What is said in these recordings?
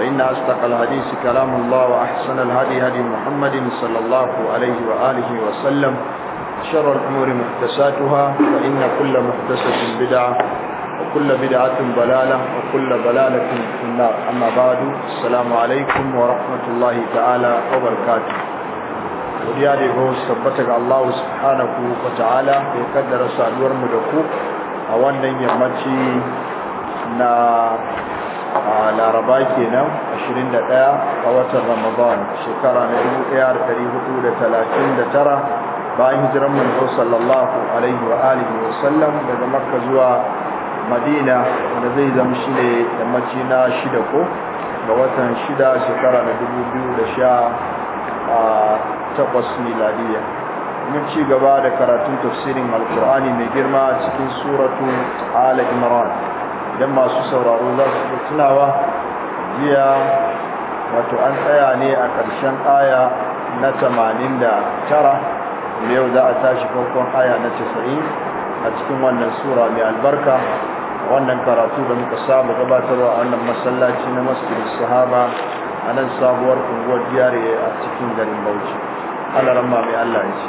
فإن أصدق الحديث كلام الله وأحسن الهدي هدي محمد صلى الله عليه وآله وسلم شر الأمور محدثاتها فإن كل محدثة بدعة وكل بدعة ضلالة وكل ضلالة في النار أما بعد السلام عليكم ورحمة الله تعالى وبركاته godiya da yabo su tabbata ga Allah subhanahu wa ta'ala da ya kaddara saduwar mu da ku a wannan yammaci na a laraba kenan 21 a watan ramadan shekara na 1439 bayan hijiran manzo sallallahu alaihi wa alihi wa sallam daga makka zuwa madina wanda zai zama shi ne yammaci na shida ko ga watan shida shekara na 2018 miladiya mun ci gaba da karatun tafsirin alkur'ani mai girma cikin suratu ala imran idan masu sauraro za su tunawa jiya wato an tsaya ne a ƙarshen aya na 89 yau za a tashi farkon aya na 90 a cikin wannan sura mai albarka wannan karatu da muka saba gabatarwa a wannan masallaci na masjidin sahaba a nan sabuwar unguwar diyare a cikin garin bauchi Allah ramma mai Allah ya ce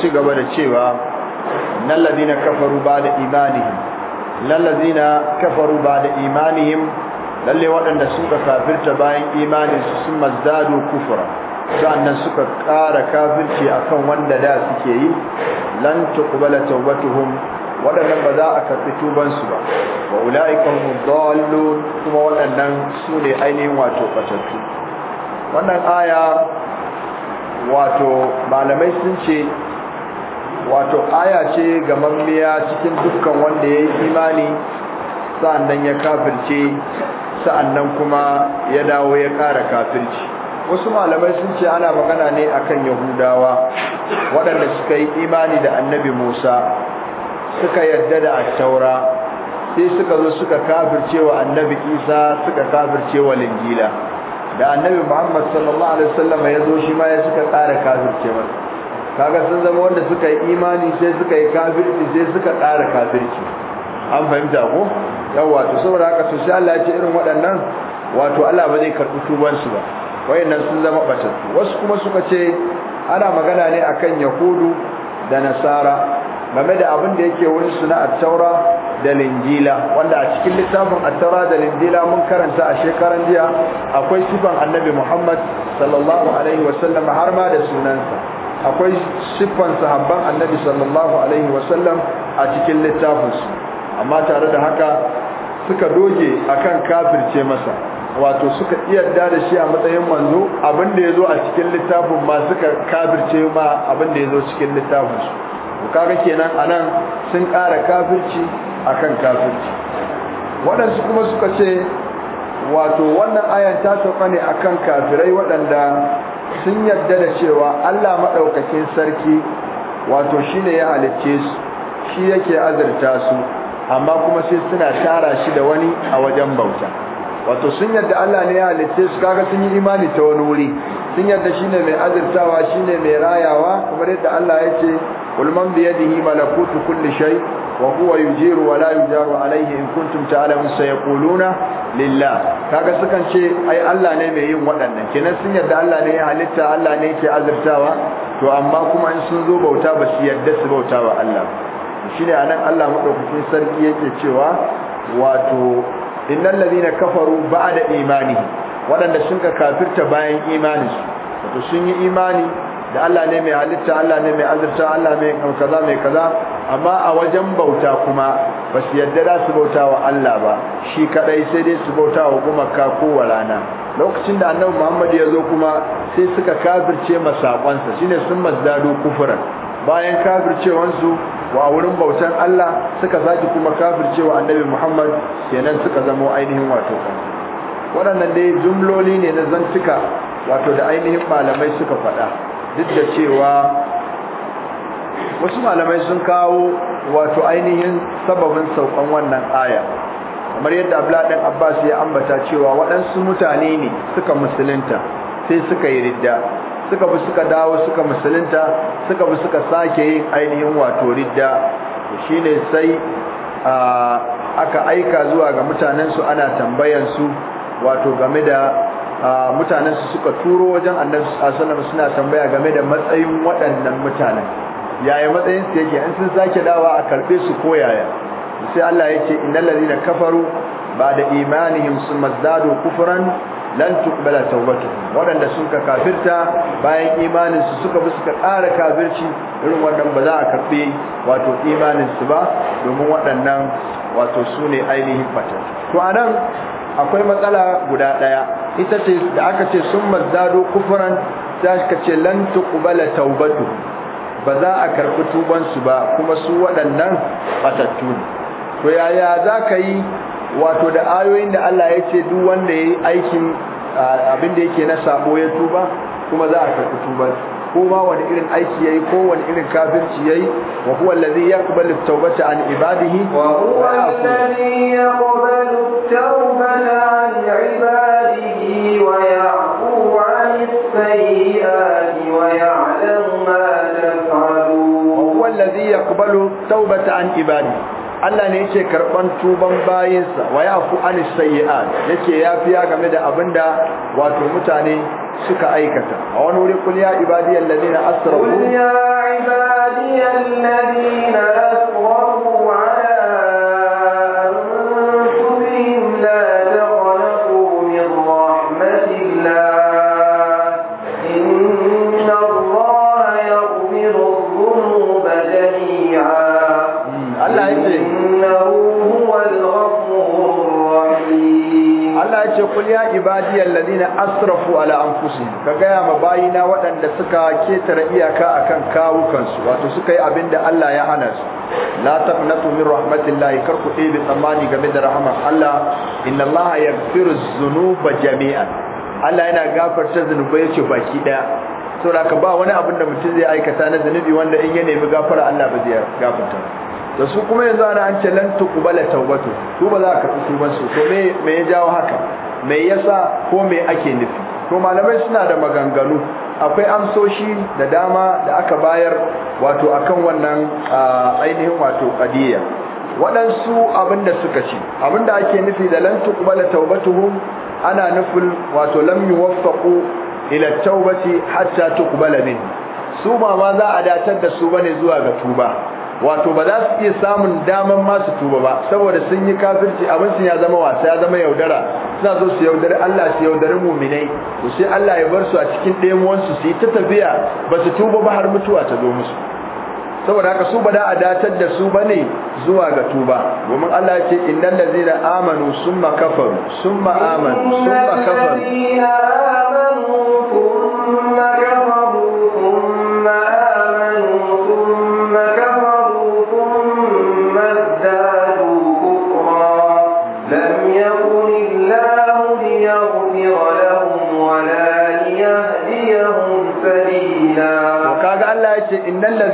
ci gaba da cewa innal ladina kafaru da imanihim lal ladina kafaru da imanihim lalle waɗanda suka kafirta bayan imanin su sun mazdadu kufra sannan suka ƙara kafirci akan wanda da suke yi lan tuqbala tawbatuhum waɗannan ba za a karɓi tubansu ba wa ula'ikan mudallun kuma waɗannan su ne ainihin wato fatattu wannan aya wato malamai sun ce wato aya ce ga mamiya cikin dukkan wanda ya yi imani sa'annan ya kafirce sa'annan kuma ya dawo ya ƙara kafirci wasu malamai sun ce ana magana ne akan yahudawa waɗanda suka yi imani da annabi musa suka yarda da attaura sai suka zo suka kafirce wa annabi isa suka kafirce wa linjila da annabi muhammad sallallahu alaihi wasallam ya zo shi ma ya suka ƙara kafirce masa kaga sun zama wanda suka yi imani sai suka yi kafirci sai suka ƙara kafirci an fahimta ko yawa to saboda haka to sai Allah ya ce irin waɗannan wato Allah ba zai karɓi tuban su ba wayannan sun zama batattu wasu kuma suka ce ana magana ne akan yahudu da nasara game da abin da yake wurin su na attaura da linjila wanda a cikin littafin attaura da linjila mun karanta a shekaran jiya akwai sifan annabi muhammad sallallahu alaihi wasallam har ma da sunansa akwai siffan sahabban annabi sallallahu alaihi wasallam a cikin littafinsu amma tare da haka suka doge akan kafirce masa wato suka iyadda da shi a matsayin manzo abinda ya zo a cikin littafin ma suka kafirce ma abinda ya zo cikin littafinsu kaga kenan anan sun ƙara kafirci akan kafirci waɗansu kuma suka ce wato wannan ayan ta sauka ne akan kafirai waɗanda sun yarda da cewa Allah maɗaukakin sarki wato shi ne ya halicce su shi yake azurta su amma kuma sai suna tara shi da wani a wajen bauta wato sun yadda Allah ne ya halicce su kaga sun yi imani ta wani wuri sun yadda shi ne mai azurtawa shi ne mai rayawa kamar yadda Allah ya ce قل من بيده ملكوت كل شيء وهو يجير ولا يجار عليه إن كنتم تعلمون سيقولون لله kaga sukan ce ai Allah ne mai yin waɗannan kenan sun yarda Allah ne ya halitta Allah ne yake azurtawa to amma kuma in sun zo bauta ba su yarda su bauta ba Allah shine anan Allah madaukakin sarki yake cewa wato innal ladina kafaru ba'da imani waɗanda sun ka kafirta bayan imaninsu wato sun yi imani da Allah ne mai halitta Allah ne mai azurta Allah mai kaza mai kaza amma a wajen bauta kuma ba su yadda za su bauta wa Allah ba shi kadai sai dai su bauta wa gumaka wa rana lokacin da annabi Muhammad ya zo kuma sai suka kafirce masakonsa shine sun mazdado kufuran bayan kafircewansu wa wurin bautan Allah suka zaki kuma kafircewa annabi Muhammad kenan suka zamo ainihin wato waɗannan dai jumloli ne na zantuka wato da ainihin malamai suka faɗa duk da cewa wasu malamai sun kawo wato ainihin sababin saukan wannan aya kamar yadda abladin abbas ya ambata cewa waɗansu mutane ne suka musulunta sai suka yi ridda suka bi suka dawo suka musulunta suka bi suka sake yin ainihin wato ridda shi ne sai aka aika zuwa ga mutanensu ana tambayansu wato game da mutanen su suka turo wajen annabi sallallahu suna tambaya game da matsayin waɗannan mutanen yaya matsayin su yake in sun sake dawa a karbe su ko yaya sai Allah yake innal ladina kafaru ba'da imanihim summa zadu kufran lan tuqbala tawbatuhum waɗanda suka kafirta bayan imanin su suka bi suka ƙara kafirci irin wannan ba za a karbe wato imanin su ba domin waɗannan wato sune ainihin fatar to anan akwai matsala guda ɗaya ita ce da aka ce sun mazdado kufuran ta ce lan tuqbala taubatu ba za a karɓi tubansu ba kuma su waɗannan fatattu to yaya za ka yi wato da ayoyin da Allah ya ce duk wanda ya yi aikin abin da yake na sabo ya tuba kuma za a karɓi tubansu ko ma wani irin aiki yayi ko wani irin kafirci yayi wa huwa allazi yaqbalu at-taubata an ibadihi wa huwa allazi yaqbalu at-taubata an ibadihi wa ya'fu 'anil sayyi'ati wa ya'lamu ma taf'alun wa huwa allazi yaqbalu at-taubata an ibadihi Allah ne yake karban tuban bayinsa wa yafu anis sayyi'at yake yafiya game da abinda wato mutane suka aikata a wani wuri kul ya ibadiyal ladina asrafu kul ya ibadiyal ladina asrafu ladina asrafu ala anfusihim ka gaya ma bayina waɗanda suka ketare iyaka akan kawukansu wato suka yi abinda Allah ya hana su la taqnatu min rahmatillahi kar ku ɗebe tsammani game da rahmar Allah inna Allah yaghfiru dhunuba jami'an Allah yana gafarta zunubai yace baki daya saboda ka ba wani abin da mutum zai aikata na zunubi wanda in ya nemi gafara Allah ba zai gafarta da su kuma yanzu ana an ce lan tuqbala tawbatu ba za ka karbi su to me me ya jawo haka me yasa ko me ake nufi to malamai suna da maganganu akwai amsoshi da dama da aka bayar wato akan wannan ainihin wato qadiya waɗansu abin suka ce abin da ake nufi da lan tuqbala tawbatuhum ana nufin wato lam yuwaffaqu ila tawbati hatta tuqbala min su ba ma za a datar da su bane zuwa ga tuba wato ba za su iya samun daman masu tuba ba saboda sun yi kafirci abin sun ya zama wasa ya zama yaudara suna zo su yaudari Allah su yaudari muminai to sai Allah ya bar su a cikin ɗayan su yi ta tafiya ba su tuba ba har mutuwa ta zo musu saboda haka su ba da a datar da su ba ne zuwa ga tuba domin Allah ya ce innal ladzina amanu summa kafaru summa amanu summa kafaru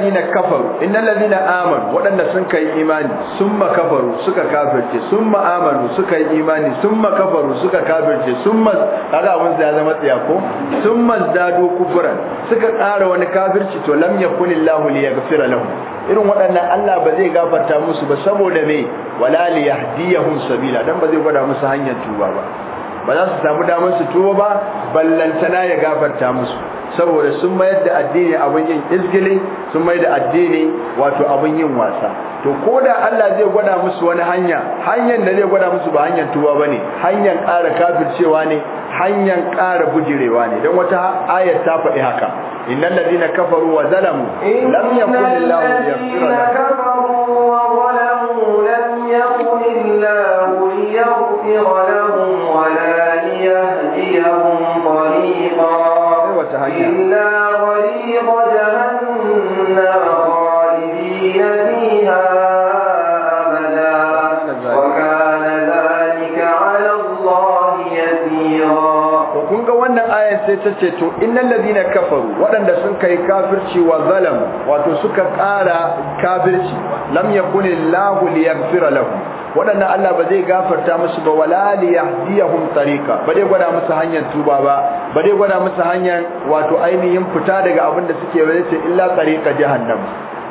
ladina kafaru innal ladina amanu waɗanda sun kai imani summa kafaru suka kafirce ma amanu suka yi imani summa kafaru suka kafirce summa kaga abun da zama tsiya ko summa zadu kufran suka ƙara wani kafirci to lam yakunillahu liyaghfira lahum irin waɗannan Allah ba zai gafarta musu ba saboda me wala liyahdiyahum sabila dan ba zai gwada musu hanyar tuba ba ba za su samu damar su tuba ba ballantana ya gafarta musu saboda sun mayar da addini abin yin izgili sun mayar da addini wato abin yin wasa to ko da Allah zai gwada musu wani hanya hanyar da zai gwada musu ba hanyar tuba bane hanyar ƙara kafircewa ne hanyar ƙara bujirewa ne don wata ayar ta faɗi haka innal ladina kafaru wa zalamu lam yakun lahu lahum ce to innal ladina kafaru waɗanda sun kai kafirci wa zalam wato suka ƙara kafirci lam lahu liyaghfira lahum wadanda Allah ba zai gafarta musu ba wala liyahdiyahum tariqa ba dai gwada musu hanyar tuba ba ba dai gwada musu hanyar wato ainihin fita daga abin da suke ba ce illa tariqa jahannam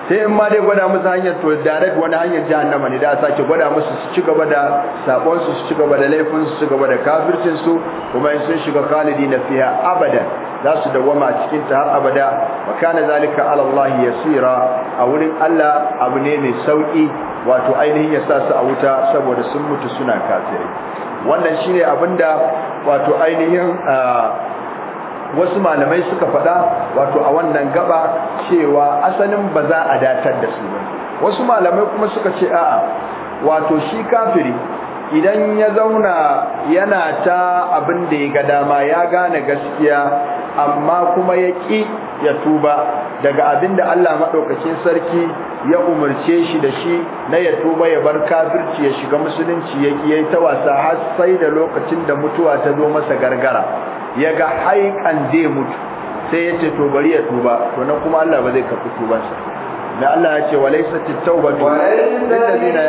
sai in ma dai gwada musu hanyar to direct wani hanyar jahannama ne da sake gwada musu su ci gaba da sakon su su ci gaba da laifin su ci gaba da kafircin su kuma in sun shiga khalidina fiha abadan za su dawama cikin ta har abada wa kana zalika ala Allah yasira a wurin Allah abu ne mai sauki wato ainihin ya sa su a wuta saboda sun mutu suna kafirai wannan shine abinda wato ainihin wasu malamai suka faɗa wato a wannan gaba cewa asalin ba za a datar da su ba wasu malamai kuma suka ce a'a wato shi kafiri idan ya zauna yana ta abin da ya ga dama ya gane gaskiya amma kuma ya ƙi ya tuba daga abin da Allah maɗaukacin sarki ya umarce shi da shi na ya tuba ya bar kafirci ya shiga musulunci ya ƙi ya yi ta wasa har sai da lokacin da mutuwa ta zo masa gargara ya ga haikan zai mutu sai ya ce to bari ya tuba to nan kuma Allah ba zai karɓi tubansa da Allah ya ce walaysat at-taubatu lil-ladina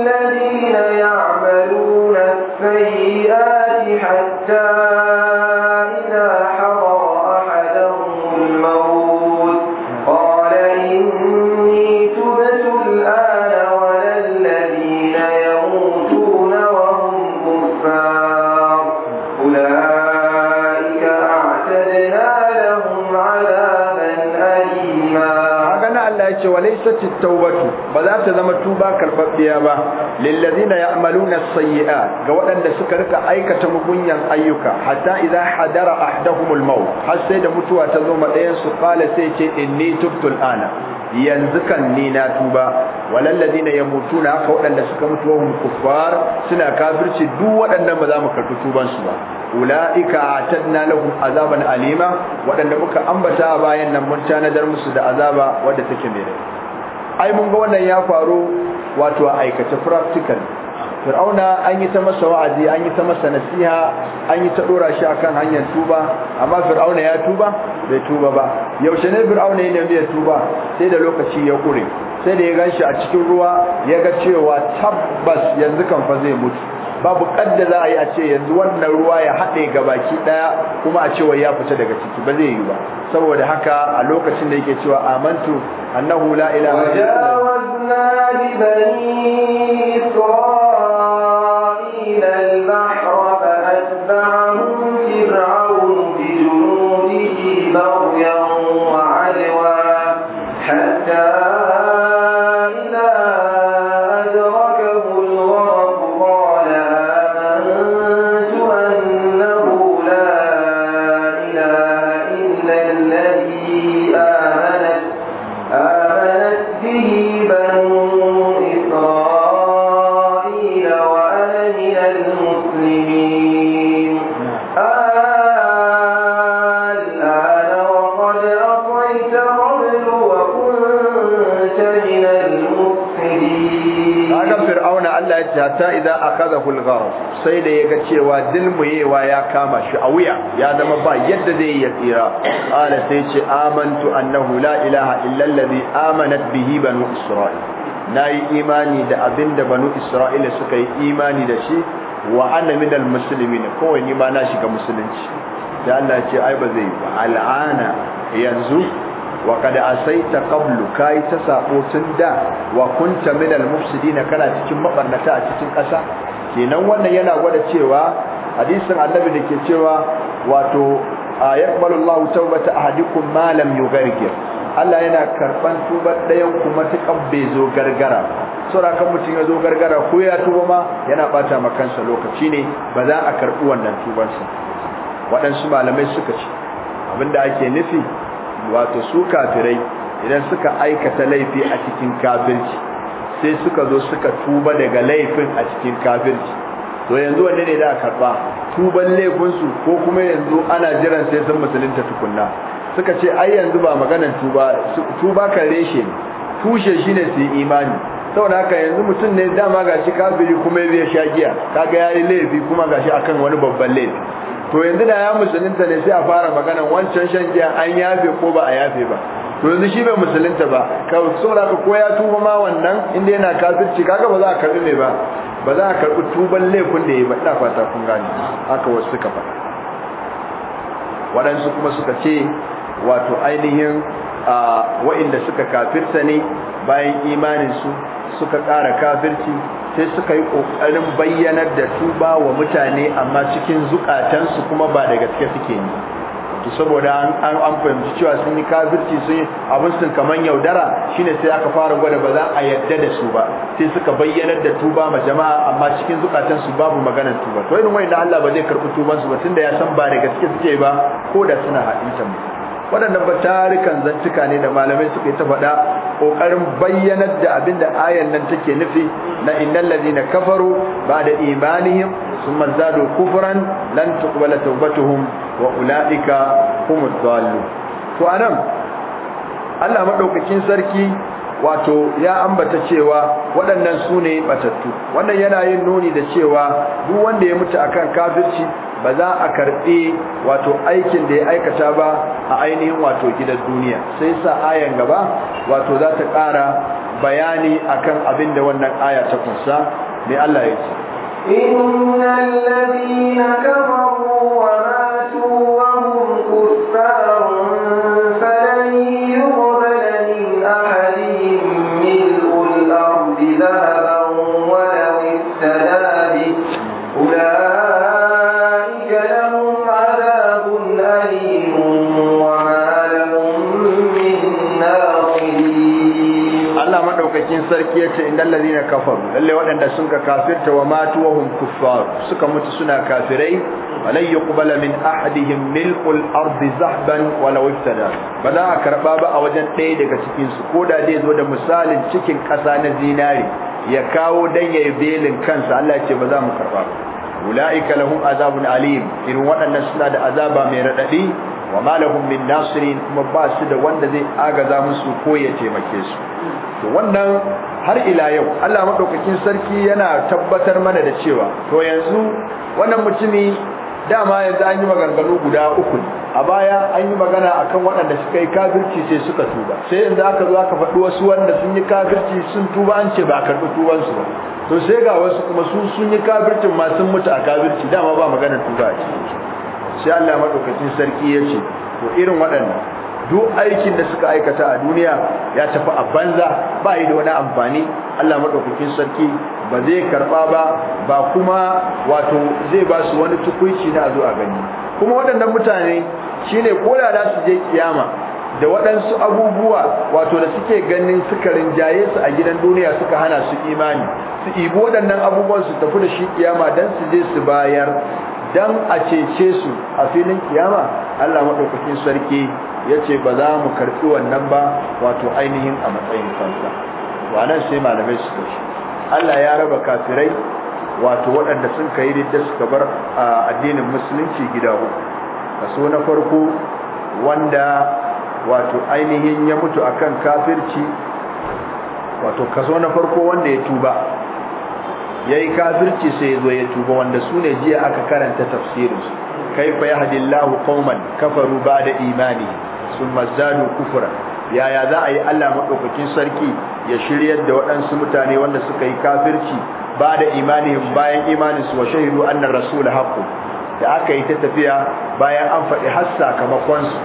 ya'maluna as-sayyi'ati hatta tawbatu ba za ta zama tuba karbabbiya ba lillazina ya'maluna as ga waɗanda suka rika aikata mugunyan ayyuka hatta idza hadara ahdahumul maut har sai da mutuwa ta zo madayan su qala sai ce inni tubtul ana yanzu kan ni na tuba walal ladina yamutuna haka waɗanda suka mutuwa wahum kuffar suna kafirci duk waɗannan ba za mu karɓi tuban su ba ulaika atadna lahum azaban alima waɗanda muka ambata bayan nan mun tanadar musu da azaba wadda take mai rai ai mun ga wannan ya faru wato a aikace practical fir'auna an yi ta masa wa'azi an yi ta masa nasiha an yi ta dora shi akan hanyar tuba amma fir'auna ya tuba bai tuba ba yaushe ne fir'auna ya nemi ya tuba sai da lokaci ya kure sai da ya ganshi a cikin ruwa ya ga cewa tabbas yanzu kan fa zai mutu babu kadda za a yi a ce yanzu wannan ruwa ya haɗe ga baki ɗaya kuma a cewa ya fita daga ciki ba zai yi ba saboda haka a lokacin da yake cewa amantu annahu la ilaha illa akhadahu al sai da yaga cewa dilmuyewa ya kama shi a wuya ya zama ba yadda zai ya tsira ala sai ce amantu annahu la ilaha illa alladhi amanat bihi banu isra'il nayi imani da abinda banu isra'ila suka yi imani da shi wa ana minal muslimin kawai ni ma na shiga musulunci da Allah ce ai ba zai ba al'ana yanzu wa kad asaita qablu kai ta sabo tun da wa kunta al mufsidin kana cikin mabarnata a cikin ƙasa kenan wannan yana gwada cewa hadisin annabi da ke cewa wato yaqbalu Allahu tawbata ahadikum ma lam Allah yana karban tubar ɗayan kuma ta bai zo gargara saboda kan mutum ya zo gargara ko ya tuba ma yana bata makansa lokaci ne ba za a karbi wannan tubar sa waɗansu malamai suka ce abinda ake nufi wato su kafirai idan suka aikata laifi a cikin kafirci sai suka zo suka tuba daga laifin a cikin kafirci to yanzu wanne ne da karba tuban laifinsu ko kuma yanzu ana jiran sai sun musulunta tukunna suka ce ai yanzu ba maganar tuba tuba kan reshe tushe shine su yi imani saboda haka yanzu mutum ne dama gashi kafiri kuma ya sha giya kaga yayi laifi kuma gashi akan wani babban laifi to yanzu da ya musulunta ne sai a fara maganar wancan shan giya an yafe ko ba a yafe ba to yanzu shi bai musulunta ba kawai saboda ka ko ya tuba ma wannan inda yana kafirci kaga ba za a karbi mai ba ba za a karbi tuban laifin da ya ba ina fata kun gani haka wasu suka faɗa waɗansu kuma suka ce wato ainihin wa'inda suka kafirta ne bayan imanin su suka ƙara kafirci sai suka yi ƙoƙarin bayyanar da tuba wa mutane amma cikin zukatansu kuma ba daga gaske suke ni. to saboda an an fahimci cewa sun yi kafirci sun yi abin sun kaman yaudara shine sai aka fara gwada ba za a yadda da su ba sai suka bayyanar da tuba ma jama'a amma cikin zukatan su babu maganar tuba to irin wanda Allah ba zai karɓi tuban su ba tunda ya san ba da gaske suke ba ko da suna haɗin ta waɗannan ba tarikan zantuka ne da malamai suka yi ta faɗa ƙoƙarin bayyanar da abin da ayan nan take nufi na innal na kafaru da imanihim manza da kufuran lan tuqbala tawbatuhum wa ulaika humud dhalun to anan Allah maɗaukakin sarki wato ya ambata cewa waɗannan su ne batattu wannan yana yin nuni da cewa duk wanda ya mutu akan kafirci ba za a karɓi wato aikin da ya aikata ba a ainihin wato gidan duniya sai sa ayan gaba wato za ta ƙara bayani akan abin da wannan aya ta kunsa mai Allah ya ce innal ladina kafaru wa matu wa hum kuffarun yace innal ladina kafaru lalle waɗanda sun ka kafirta wa matu wa hum kuffar suka mutu suna kafirai alai yuqbala min ahadihim mil'ul ardi zahban walau iftada ba za a karba ba a wajen ɗaya daga cikin su koda dai zo da misalin cikin ƙasa na zinari ya kawo dan yayi belin kansa Allah ce ba za mu karba ba ulaika lahum azabun alim irin waɗannan suna da azaba mai radadi wa malahum min nasirin kuma ba su da wanda zai agaza musu ko ya taimake su to wannan har ila yau Allah madaukakin sarki yana tabbatar mana da cewa to yanzu wannan mutumi dama yanzu an yi maganganu guda uku a baya an yi magana akan waɗanda suka yi kafirci sai suka tuba sai yanzu aka zo aka faɗi wasu wanda sun yi kafirci sun tuba an ce ba a karɓi tubansu ba to sai ga wasu kuma su sun yi kafircin ma sun mutu a kafirci dama ba maganar tuba a cikin sai Allah madaukakin sarki ya ce to irin waɗannan duk aikin da suka aikata a duniya ya tafi a banza ba yi da wani amfani Allah madaukakin sarki ba zai karba ba ba kuma wato zai ba su wani tukunci na zuwa gani kuma waɗannan mutane shine ko da za su je kiyama da waɗansu abubuwa wato da suke ganin suka rinjaye su a gidan duniya suka hana su imani su ibo waɗannan abubuwan su tafi da shi kiyama dan su je su bayar dan a cece su a filin kiyama Allah madaukakin sarki yace ba za mu karbi wannan ba wato ainihin a matsayin fansa wannan sai malamai su ce Allah ya raba kafirai wato waɗanda sun kai ridda suka bar addinin musulunci gida uku kaso na farko wanda wato ainihin ya mutu akan kafirci wato kaso na farko wanda ya tuba yayi kafirci sai zo ya tuba wanda su ne jiya aka karanta tafsirin su kaifa yahdillahu qauman kafaru ba'da imani sun zadu kufra yaya za a yi Allah madaukakin sarki ya shiryar da waɗansu mutane wanda suka yi kafirci ba'da imanihim bayan imanin su wa shahidu anna rasul haqqu da aka yi ta tafiya bayan an faɗi har sakamakon su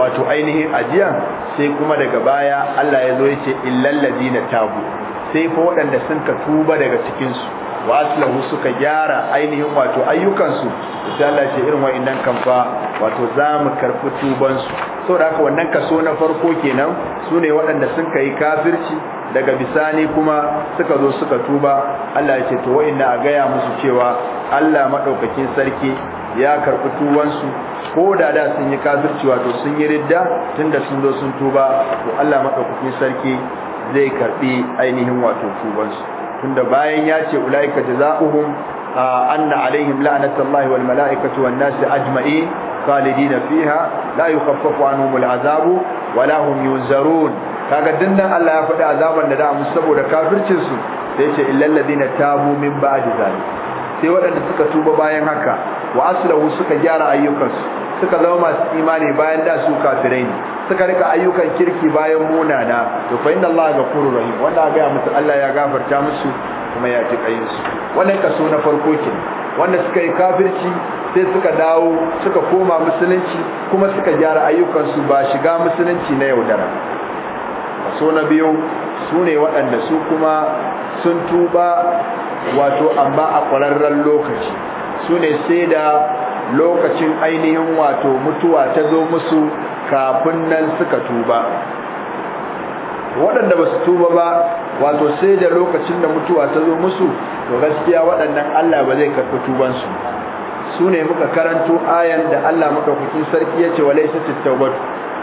wato ainihin ajiya sai kuma daga baya Allah ya zo ya ce illal ladina tabu sai fa waɗanda sun ka tuba daga cikin su wa aslahu suka gyara ainihin wato ayyukansu sai Allah ce irin wa'annan kan fa wato za mu tuban tubansu saboda haka wannan kaso na farko kenan sune waɗanda sun yi kafirci daga bisani kuma suka zo suka tuba Allah ya ce to wa'annan a gaya musu cewa Allah madaukakin sarki ya karɓi su ko da da sun yi kafirci wato sun yi ridda tunda sun zo sun tuba to Allah maɗaukakin sarki zai karbi ainihin wato tubansu tunda bayan ya ce ulaika jazaohum anna alaihim la'natullahi wal malaikatu wan nasi ajma'in khalidina fiha la yukhaffafu anhum al azabu wala hum yunzarun kaga dandan Allah ya faɗi azaban da da mu saboda kafircin su sai ce illal ladina tabu min ba'di zalik sai waɗanda suka tuba bayan haka wa aslahu suka gyara ayyukansu suka zama masu imani bayan da su kafirai ne suka rika ayyukan kirki bayan munana to fa inna Allah ghafurur rahim wanda ga musu Allah ya gafarta musu kuma ya ji kayin su wannan kaso na farko kin wanda suka yi kafirci sai suka dawo suka koma musulunci kuma suka gyara ayyukan su ba shiga musulunci na yaudara kaso na biyu sune waɗanda su kuma sun tuba wato amma a ƙwararren lokaci sune sai da lokacin ainihin wato mutuwa ta zo musu kafin nan suka tuba waɗanda ba su tuba ba wato sai da lokacin da mutuwa ta zo musu to gaskiya waɗannan Allah ba zai karɓi tubansu su ne muka karanto ayan da Allah madaukakin sarki ya ce wa laisa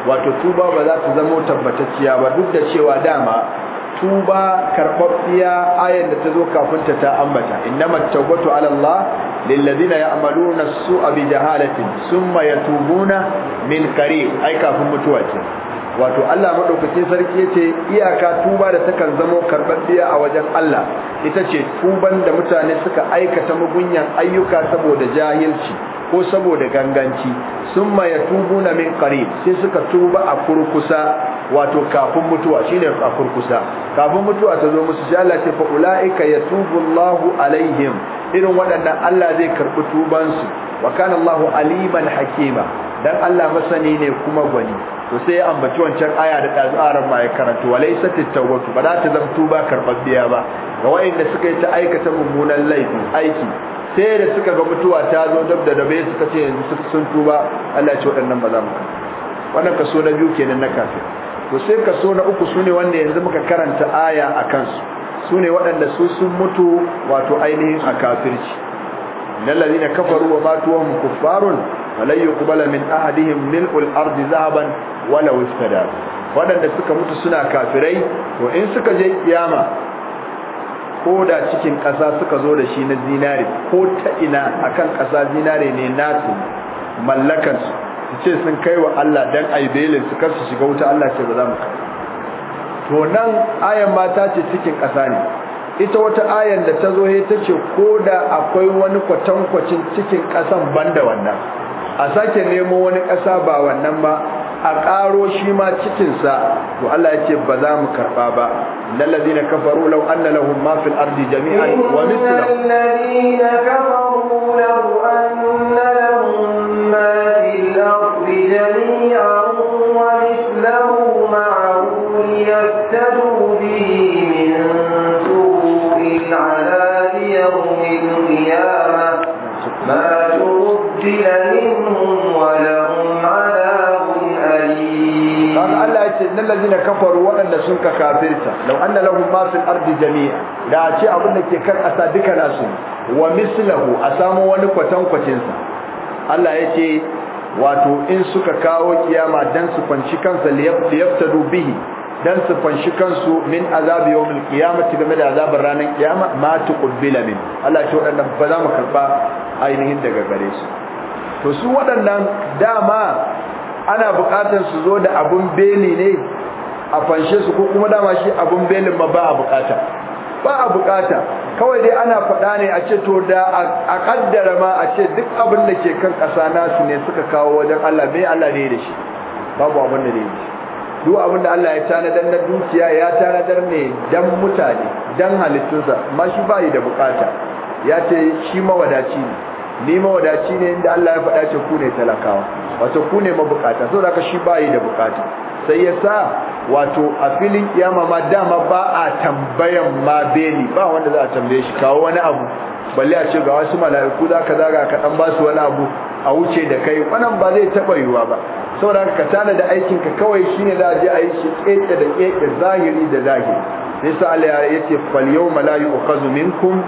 wato tuba ba za ta zama tabbatacciya ba duk da cewa dama tuba karɓaɓɓiya ayan da ta zo kafin ta ta ambata innamat tawbatu ala Allah lilladhina ya'maluna as-su'a bi jahalatin thumma yatubuna min kare ai kafin mutuwa ce wato Allah madaukakin sarki yace iyaka tuba da takan zamo karɓaɓɓiya a wajen Allah ita ce tuban da mutane suka aikata mugunyan ayyuka saboda jahilci ko saboda ganganci sun ma ya tubu na min kare sai suka tuba a kurkusa wato kafin mutuwa shine a kurkusa kafin mutuwa ta zo musu shi Allah ce fa ulaika tubu Allahu alaihim irin waɗannan Allah zai karɓi tubansu wa kana Allahu aliman hakima dan Allah masani ne kuma gwani to sai ya ambaci wancan aya da tsarin ma ya karanta walaysa tawbatu ba za ta zama tuba biya ba ga wayanda suka yi ta aikata mummunan laifi aiki sai da suka ga mutuwa ta zo dab da dabe suka ce yanzu sun tuba Allah ya ce waɗannan ba za mu wannan kaso na biyu kenan na kafir to sai kaso na uku sune wanda yanzu muka karanta aya akan su su ne waɗanda su sun mutu wato ainihin a kafirci lallazi na kafaru wa matuwan kuffarun walai yi kubala min ahadihim mil'ul ardi zaben, wala wistada waɗanda suka mutu suna kafirai to in suka je kiyama ko da cikin ƙasa suka zo da shi na zinare ko ta ina akan ƙasa zinare ne nasu mallakansu su ce sun kai wa Allah dan aibelin su kar su shiga wuta Allah ce ba za mu kai to nan ayan ma ta ce cikin ƙasa ne ita wata ayan da ta zo he ta ce ko da akwai wani kwatankwacin cikin ƙasan banda wannan a sake nemo wani ƙasa ba wannan ba a ƙaro shi ma cikinsa to Allah ya ce ba za mu karɓa ba lallazina kafaru law anna lahum ma fil ardi jami'an wa القيامة ما تبدل منهم ولهم عذاب أليم قال الله إن الذين كفروا وأن سنك كافرتا لو أن لهم ما في الأرض جميعا لا شيء أبنك كان أصدق ناس ومثله أسامو ونكوتان كوتنسا Allah ya ce wato in suka kawo kiyama dan su kwanci kansa liyaftadu bihi dan su fanshi kansu min azabi yawmil qiyamati game da azabar ranar kiyama ma tuqbila min Allah ya ce wadannan ba za mu karba ainihin daga gare su to su wadannan dama ana bukatar su zo da abun beli ne a fanshe su ko kuma dama shi abun belin ma ba a bukata ba a bukata kawai dai ana faɗa ne a ce to da a kaddara ma a ce duk abin da ke kan ƙasa nasu ne suka kawo wajen Allah me Allah ne da shi babu abin da ne da shi duk abin da Allah ya tanadar na dukiya ya tanadar ne dan mutane dan halittunsa ma shi yi da bukata ya ce shi mawadaci ne ni mawadaci ne inda Allah ya faɗa ce ku ne talakawa wato ku ne mabukata saboda haka shi ba yi da bukata sai ya sa wato a filin kiyama ma dama ba a tambayan ma beni. ba wanda za a tambaye shi kawo wani abu balle a ce ga wasu mala'iku za ka zaga ka dan basu wani abu a wuce da kai wannan ba zai taba yiwa ba saboda ka tana da aikin ka kawai shine za a je a yi shi keke da keke zahiri da zahiri sai sa Allah ya ce fal yawma la yu'khadhu minkum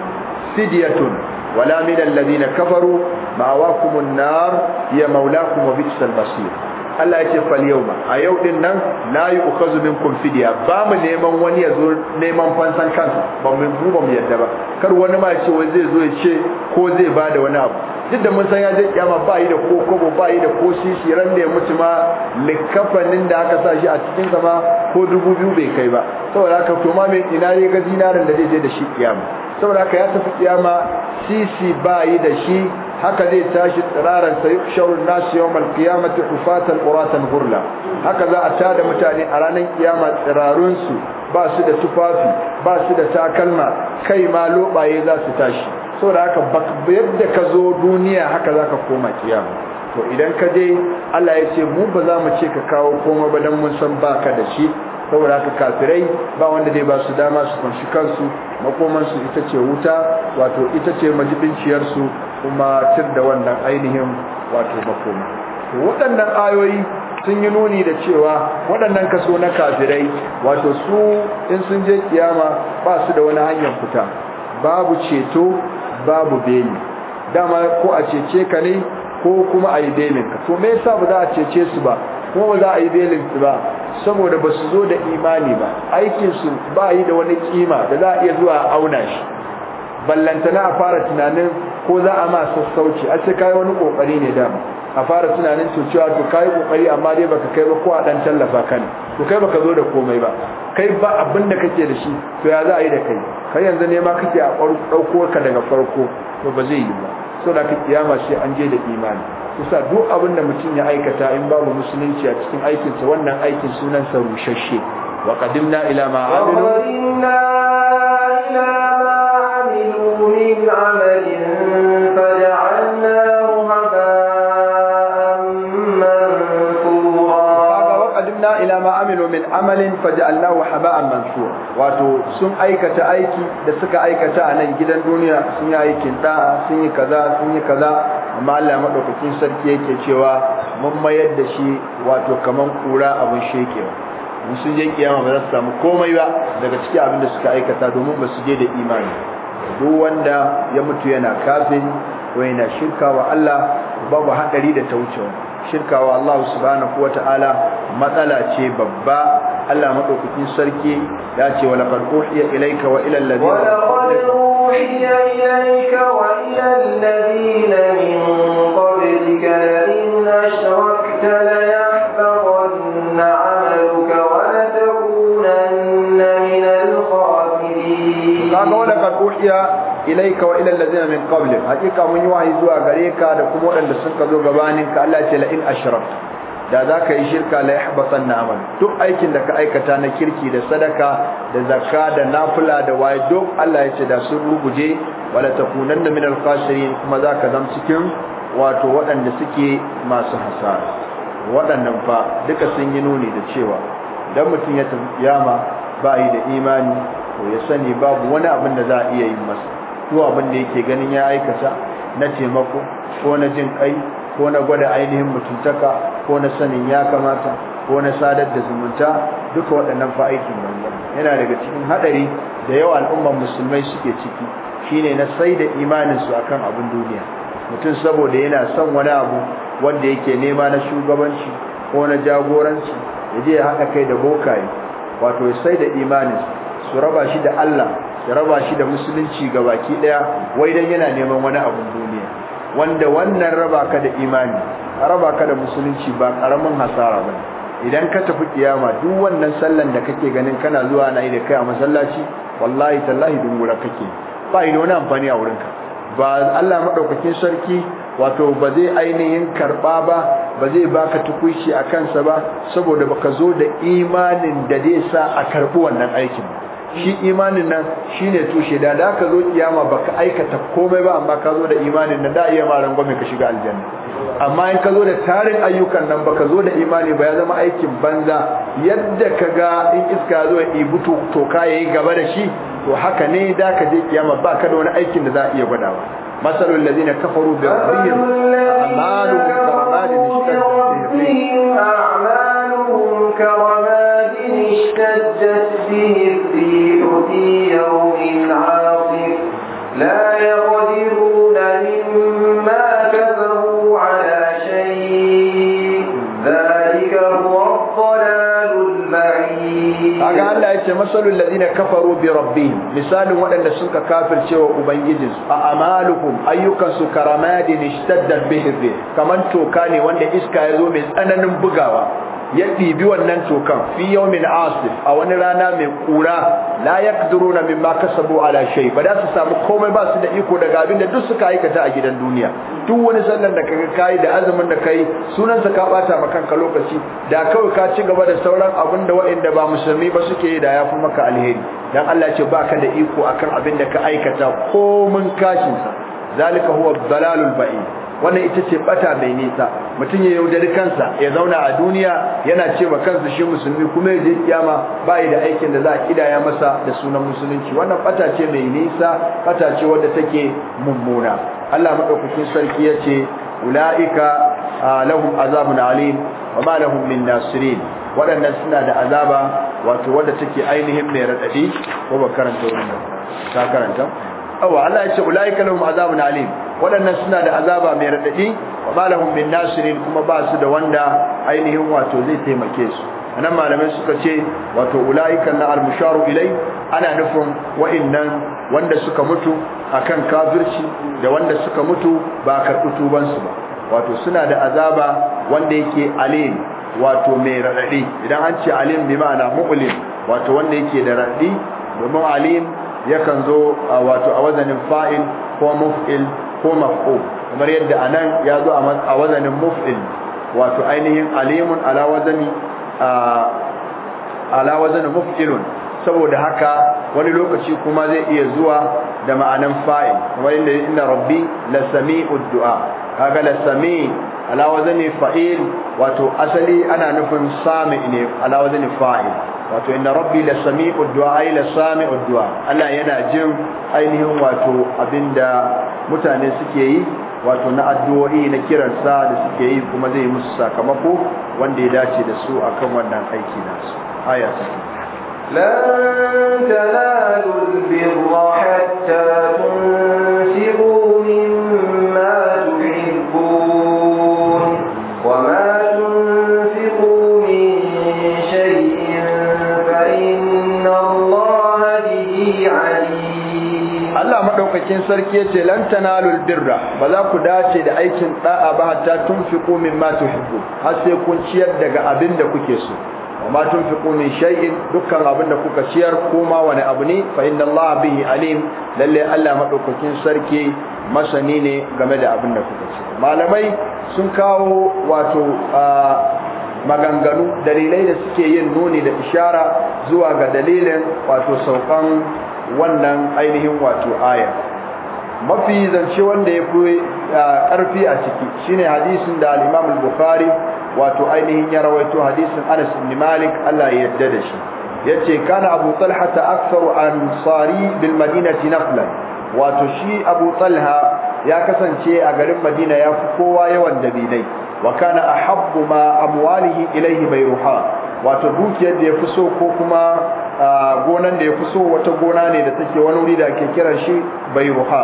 sidyatun wala min alladhina kafaru ma'awakumun nar ya maulakum wa bi'sal basir Allah ya ce fal ba, a yau din nan la min minkum fidya ba mu neman wani ya zo neman fansan kansa ba mu mu ba mu yadda ba kar wani ma ce wai zai zo ya ce ko zai da wani abu duk da mun san ya je kiyama ba yi da ko kobo ba yi da ko shishi ran da ya mutu ma likafanin da aka sa shi a cikin sa ba ko dubu biyu bai kai ba saboda haka to ma mai ina ne ga zinarin da zai je da shi kiyama saboda haka ya tafi kiyama sisi bayi da shi haka zai tashi tsiraran sa yushawul nasu yawmal qiyamati hufatan uratan hurla haka za a tada mutane a ranar kiyama tsirarun su ba su da tufafi ba su da takalma kai ma lobaye za su tashi saboda haka ba yadda ka zo duniya haka za ka koma kiyama to idan ka je Allah ya ce mu ba za mu ce ka kawo koma ba dan mun san baka da shi saboda haka kafirai ba wanda zai ba su dama su kunshi kansu makomansu ita ce wuta wato ita ce su kuma tir da wannan ainihin wato makoma waɗannan ayoyi sun yi nuni da cewa waɗannan kaso na kafirai wato su in sun je kiyama ba su da wani hanyar fita babu ceto babu beni dama ko a cece ka ne ko kuma a yi belin ka to me yasa ba za a cece su ba kuma ba za a yi belin su ba saboda ba su zo da imani ba aikinsu ba yi da wani kima da za a iya zuwa a auna shi ballantana a fara tunanin ko za a ma sassauci a ce kayi wani kokari ne da, a fara tunanin cewa to kayi kokari amma dai baka kai ba ko a dan tallafa kan to kai baka zo da komai ba kai ba abin da kake da shi to ya za a yi da kai kai yanzu ne ma kake a ɗauko ka daga farko to ba zai yi ba saboda ka kiyama shi an je da imani kusa duk abin da mutum ya aikata in babu musulunci a cikin aikinsa wannan aikin sunansa rushashe wa qadimna ila ma amilu ila ma amilu min amalin min amalin faja'allahu haba'an mansura wato sun aikata aiki da suka aikata a nan gidan duniya sun yi aikin da'a sun yi kaza sun yi kaza amma Allah madaukakin sarki yake cewa mun mayar da shi wato kaman kura abin shekewa mun sun je kiyama ba za su samu komai ba daga cikin abin da suka aikata domin ba su je da imani duk wanda ya mutu yana kafin ko yana shirka wa Allah babu hadari da ta wucewa shirkawa Allah subhanahu wata'ala matsala ce babba Allah madaukakin sarki ya ce wa laqad uhiya ilayka wa ila alladhina wa laqad uhiya ilayka wa ila alladhina min qablika la in ashrakta la yahbatanna 'amaluka wa la takunanna min al-khasirin kaga ilayka wa ila allazina min qablik hakika mun yi wahayi zuwa gare ka da kuma waɗanda suka zo gabanin ka Allah ce la in ashrakta da za ka yi shirka la yahbatanna amal duk aikin da ka aikata na kirki da sadaka da zakka da nafila da waye duk Allah ya ce da sun ruguje wala takunanna minal khasirin kuma za ka zam cikin wato waɗanda suke masu hasara waɗannan fa duka sun yi nuni da cewa dan mutum ya tafi kiyama ba yi da imani to ya sani babu wani abin da za a iya yi masa ko abin da yake ganin ya aikata na taimako ko na jin kai ko na gwada ainihin mutuntaka ko na sanin ya kamata ko na sadar da zumunta duka waɗannan fa aikin yana daga cikin hadari da yawa al'umman musulmai suke ciki shine na sai da imanin su akan abin duniya mutum saboda yana son wani abu wanda yake nema na shugabanci ko na jagoranci yaje ya haɗa kai da bokaye wato sai da imanin su raba shi da Allah ya raba shi da musulunci ga baki daya wai dan yana neman wani abu duniya wanda wannan raba ka da imani raba ka da musulunci ba karamin hasara bane idan ka tafi kiyama duk wannan sallan da kake ganin kana zuwa na yi da kai a masallaci wallahi tallahi gura kake ba ido wani amfani a wurinka ba Allah madaukakin sarki wato ba zai ainihin karba ba ba zai baka tukuici a kansa ba saboda baka zo da imanin da zai sa a karbi wannan aikin ba shi imanin nan shi ne tushe da da ka zo kiyama ka aikata komai ba amma ka zo da imanin nan da iya ma ka shiga aljanna amma in ka zo da tarin ayyukan nan ba ka zo da imani ba ya zama aikin banza yadda ka ga in iska zo ya ibi toka yi gaba da shi to haka ne da ka je kiyama ka da wani aikin da za a iya gwadawa masalul ladina kafaru bi rabbihim a'maluhum karamadin ishtajjat kaga Allah yace masalul ladina bi rabbihim misalin waɗanda suka kafirce wa ubangijinsu a ayyukansu ayyukan su shi ishtadda bihi Kamar toka ne wanda iska ya zo mai tsananin bugawa ya bi wannan tokan fi yawmin asif a wani rana mai kura la min mimma kasabu ala shay ba da su samu komai ba su da iko daga abin da duk suka aikata a gidan duniya duk wani sallan da kaga kai da azumin da kai sunan sa ka bata ma kanka lokaci da kawai ka ci gaba da sauran abin da waɗanda ba musulmi ba suke yi da yafi maka alheri dan Allah ce baka da iko akan abin da ka aikata komun kashin sa zalika huwa dalalul ba'id wannan ita ce bata mai nisa mutum ya yaudari kansa ya zauna a duniya yana cewa kansa shi musulmi kuma ya je kiyama bai da aikin da za a kidaya masa da sunan musulunci wannan bata ce mai nisa bata ce wadda take mummuna Allah madaukakin sarki ya ce ulaika lahum azabun alim wa ma lahum min nasirin waɗannan suna da azaba wato wadda take ainihin mai radadi ko ba karanta wannan Ta karanta awa Allah ya ce ulaika lahum azabun alim waɗannan suna da azaba mai raɗaɗi wa malahum min nasirin kuma ba su da wanda ainihin wato zai taimake su anan malamai suka ce wato ulaikan na almusharu ilai ana nufin wa'innan wanda suka mutu akan kafirci da wanda suka mutu ba karɓi tubansu ba wato suna da azaba wanda yake alim wato mai raɗaɗi idan an ce alim bi ma'ana mu'lim wato wanda yake da raɗaɗi domin alim yakan zo wato a wazanin fa'il ko muf'il ko maf'ul kamar yadda anan ya zo a wazanin muf'il wato ainihin alimun ala wazani ala wazani muf'ilun saboda haka wani lokaci kuma zai iya zuwa da ma'anan fa'il kamar yadda inna rabbi la sami'ud du'a kaga lasami ala wazni fa'il wato asali ana nufin sami ne ala wazni fa'il wato inna rabbi lasami'u du'a lasami'u du'a Allah yana jin ainihin wato abinda mutane suke yi wato na addu'o'i na kiransa da suke yi kuma zai musu sakamako wanda ya dace da su akan wannan aiki nasu aya لن تنالوا البر حتى تنفقوا Allah madaukakin sarki yace lan tanalul ba za ku dace da aikin da'a ba hatta tunfiqu mimma tuhibbu har sai kun ciyar daga abin da kuke so amma tunfiqu min shay'in dukkan abin da kuka ciyar ko ma wani abu ne fa inna Allah bihi alim lalle Allah madaukakin sarki masani ne game da abin da kuka ciyar malamai sun kawo wato ah, maganganu dalilai da suke yin nuni da ishara zuwa ga dalilin wato saukan wannan ainihin wato aya mafi zance wanda ya fi ƙarfi a ciki shine hadisin da al-Imam al-Bukhari wato ainihin ya rawaito hadisin Anas ibn Malik Allah ya yarda da shi Ya ce kana Abu Talha ta aksaru ansari bil madinati naflan wato shi Abu Talha ya kasance a garin Madina ya fi kowa yawan dabilai wa kana ahabbu ma amwalihi ilayhi bayruha wato dukiyar da yafi so ko kuma gonan da yafi so wata gona ne da take wani wuri da ake kiran shi bayruha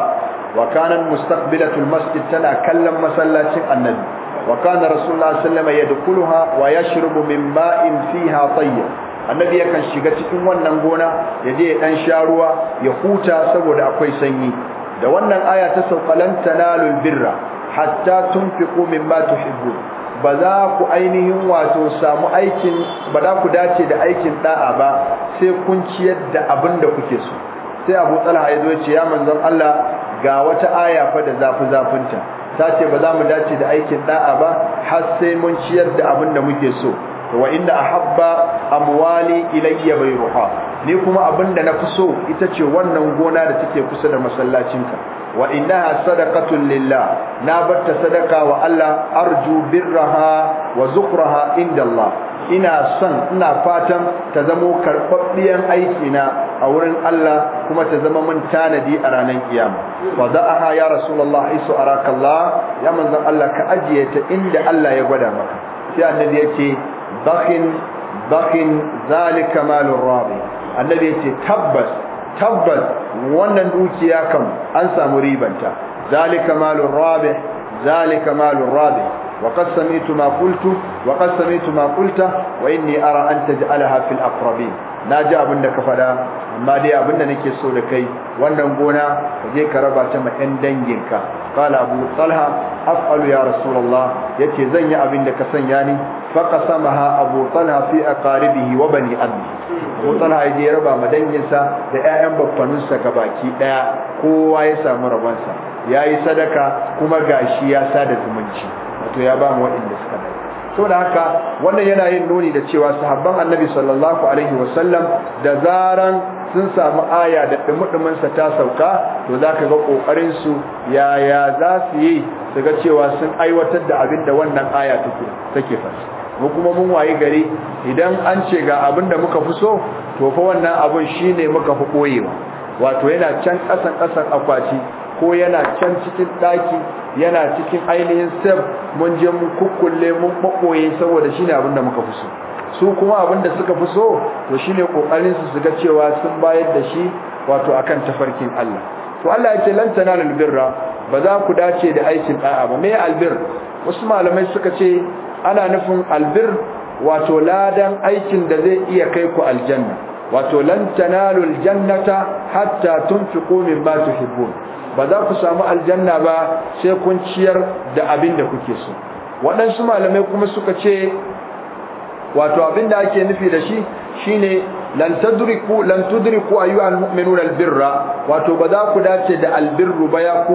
wa kana mustaqbilatul masjid tana kallon masallacin annabi wa kana rasulullah sallallahu alaihi wasallam wa yashrubu min ma'in fiha tayyib annabi yakan shiga cikin wannan gona ya je dan sha ruwa ya huta saboda akwai sanyi da wannan aya ta sauka lan tanalul birra hatta tunfiqu mimma tuhibbu ba za ku ainihin wato samu aikin ba za ku dace da aikin da'a ba sai kun ciyar da abin da kuke so sai Abu Talha ya zo ya ce ya manzon Allah ga wata aya fa da zafi ta, ta ce ba za mu dace da aikin da'a ba har sai mun ciyar da abin da muke so wa inda habba amwali ilayya ruha ni kuma abinda na fi so ita ce wannan gona da take kusa da masallacinka wa innaha sadaqatun lillah na batta sadaka wa Allah arju birraha wa zukraha inda Allah ina son ina fatan ta zamo karɓaɓɓiyan aikina a wurin Allah kuma ta zama mun tanadi a ranar kiyama fa da'aha ya rasulullah isu arakallah ya manzon Allah ka ajiye ta inda Allah ya gwada maka sai annabi yake bakin bakin zalika malur rabi annabi yace tabbas tabbas wannan dukiya kam an samu ribanta zalika malur rabi ذلك مال رابح وقد سمعت ما قلت وقد سمعت ما قلت واني ارى ان تجعلها في الاقربين ابن ka fada amma dai abin da nake so da kai wannan gona ka je ka raba ta ma 'yan danginka qala abu talha af'alu ya rasulullah yace zan yi abin da ka sanya ni fa qasamaha abu talha fi aqaribihi wa bani abi abu talha ya je raba ma danginsa da ƴaƴan baffaninsa gabaki daya kowa ya samu rabansa Ya yi sadaka kuma gashi ya sada zumunci wato ya ba mu waɗanda suka So saboda haka wannan yana yin nuni da cewa sahabban annabi sallallahu alaihi wasallam da zaran sun samu aya da dumudumin sa ta sauka to zaka ga kokarin su yaya za su yi su ga cewa sun aiwatar da abin da wannan aya take take fa mu kuma mun waye gari idan an ce ga abin da muka fi so to fa wannan abin shine muka fi koyewa wato yana can kasan kasan akwati ko yana can cikin ɗaki yana cikin ainihin sef mun je mu kukkulle mun ɓaɓɓoye saboda shine abin da muka fuso su kuma abin da suka fi so to shine kokarin su su ga cewa sun bayar da shi wato akan tafarkin Allah to Allah yake lan tanalul birra ba za ku dace da aikin da'a ba me albir wasu malamai suka ce ana nufin albir wato ladan aikin da zai iya kai ku aljanna wato lan tanalul jannata hatta tunfiqu mimma tuhibbun ba za ku samu aljanna ba sai kun ciyar da abin da kuke so waɗansu malamai kuma suka ce wato abin da ake nufi da shi shine lan tadriku lan tudriku ayyuha almu'minuna birra, wato ba za ku dace da albirru ba ya ku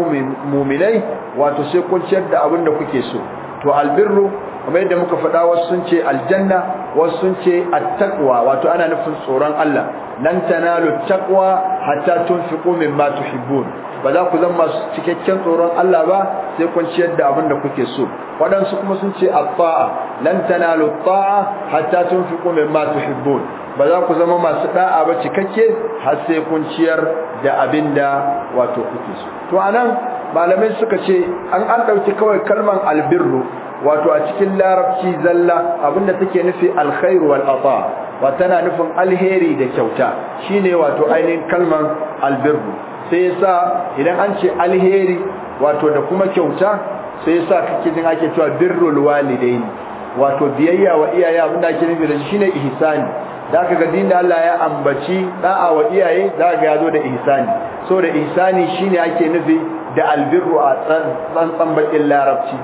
mu'minai wato sai kun ciyar da abin da kuke so to albirru kamar yadda muka faɗa wasu sun ce aljanna wasu sun ce attaqwa wato ana nufin tsoron Allah lan tanalu taqwa hatta tunfiqu mimma tuhibbun ba za ku zama masu cikakken tsoron Allah ba sai kun da abin da kuke so waɗansu kuma sun ce at-ta'a lan tanalu at-ta'a hatta tunfiqu hibbon ba za ku zama masu da'a ba cikakke har sai kun da abin da wato kuke so to anan malamai suka ce an an dauki kawai kalman albirru wato a cikin larabci zalla abin da take nufi alkhairu wal ata wa tana nufin alheri da kyauta shine wato ainihin kalman albirru sai yasa idan an ce alheri wato da kuma kyauta sai sa kake jin ake cewa birrul walidain wato biyayya wa iyaye abinda ake nufi da shine ihsani da aka din da Allah ya ambaci da'a wa iyaye za ga yazo da ihsani so da ihsani shine ake nufi da albirru a tsantsan bakin larabci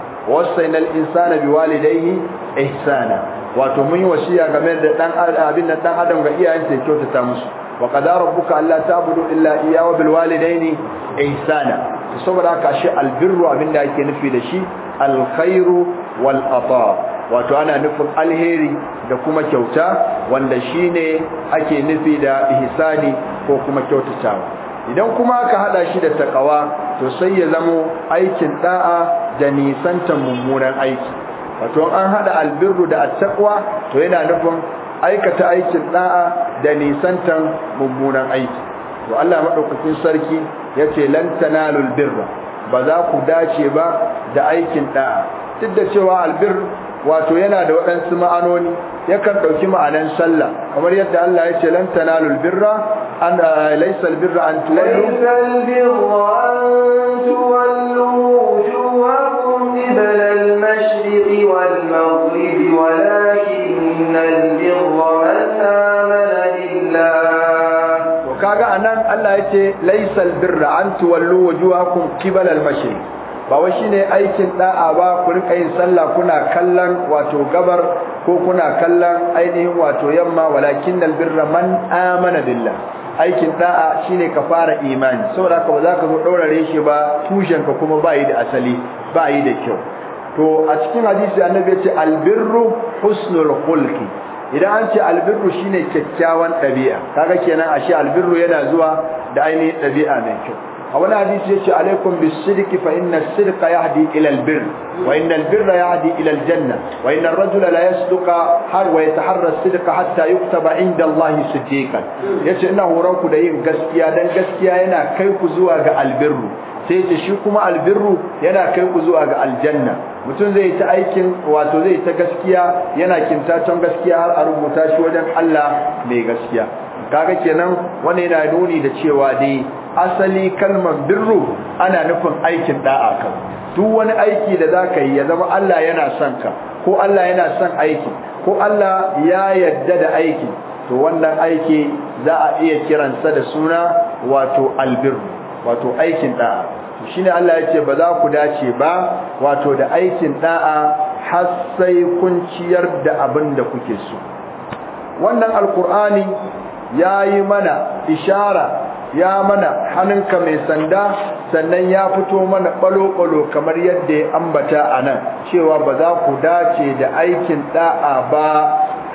al insana biwalidayhi ihsana wato mun yi wasiya game da dan abin da dan adam ga iyayensa ya kyautata musu wa qada Allah ta ta'budu illa iyyahu bil walidayni saboda haka shi albirru abinda ake nufi da shi alkhairu wal ata wato ana nufin alheri da kuma kyauta wanda shine ake nufi da ihsani ko kuma kyautatawa idan kuma ka hada shi da takawa to sai ya zamo aikin da'a da nisantan mummunan aiki wato an hada albirru da attaqwa to yana nufin aikata aikin da'a da nisantan mummunan aiki to Allah madaukakin sarki yace lan tanalul birra ba za ku dace ba da aikin da'a duk da cewa albir wato yana da waɗansu ma'anoni yakan ɗauki ma'anan sallah kamar yadda Allah ya ce lan tanalul birra an eh, laysa albirra an tuwallu wujuhakum qibala al-mashriqi wal-maghribi walakin kaga anan allah yake laisal laisal birra, tuwallu wujuhakum البر al-mashi ba wai shine aikin da'a ba ku rika yin sallah kuna kallan wato gabar ko kuna kallan ainihin wato yamma walakin birra man amana billah aikin da'a shine ka fara imani saboda haka ba za ka zo daurare shi ba tushen ka kuma ba yi da asali ba yi da kyau to a cikin hadisi annabi ya ce albirru husnul khulqi idan an ce albirru shine kyakkyawan ɗabi'a kaga kenan ashe albirru yana zuwa da ainihin ɗabi'a mai kyau a wani hadisi ya ce alaikum bisidiki fa inna sidqa yahdi ila albir wa inna albirra yahdi ila aljanna wa inna ar-rajula la yasduqa har wa yataharra sidqa hatta yuktaba inda Allah siddiqan yace ina horon ku da yin gaskiya dan gaskiya yana kai ku zuwa ga albirru sai ce shi kuma albirru yana kai ku zuwa ga aljanna mutum zai ta aikin wato zai ta gaskiya yana kintaton gaskiya har a rubuta shi wajen Allah mai gaskiya kaga kenan wani yana nuni da cewa dai asali kalmar birru ana nufin aikin da'a kan duk wani aiki da zaka yi ya zama Allah yana son ka ko Allah yana son aiki ko Allah ya yadda da aiki to wannan aiki za a iya kiransa da suna wato albirru wato aikin da'a shine Allah yake ba za ku dace ba wato da aikin da'a har sai kun ciyar da abin da kuke so wannan alqur'ani yayi mana ishara ya mana hannunka mai sanda sannan ya fito mana balo-balo kamar yadda ya ambata a nan cewa ba za ku dace da aikin da'a ba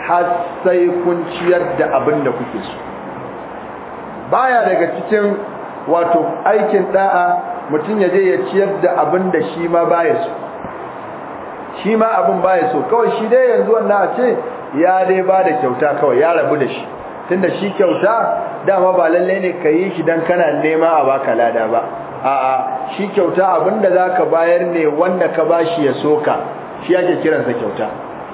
har sai kun ciyar da abin da kuke so baya daga cikin wato aikin da'a mutum ya je ya ciyar da abin da shi ma baya so shi ma abin baya so kawai shi dai yanzu wannan a ce ya dai ba da kyauta kawai ya rabu da shi tunda shi kyauta dama ba lallai ne ka yi shi don kana nema a baka lada ba a'a shi kyauta abin da za ka bayar ne wanda ka ba shi ya soka shi yake kiransa kyauta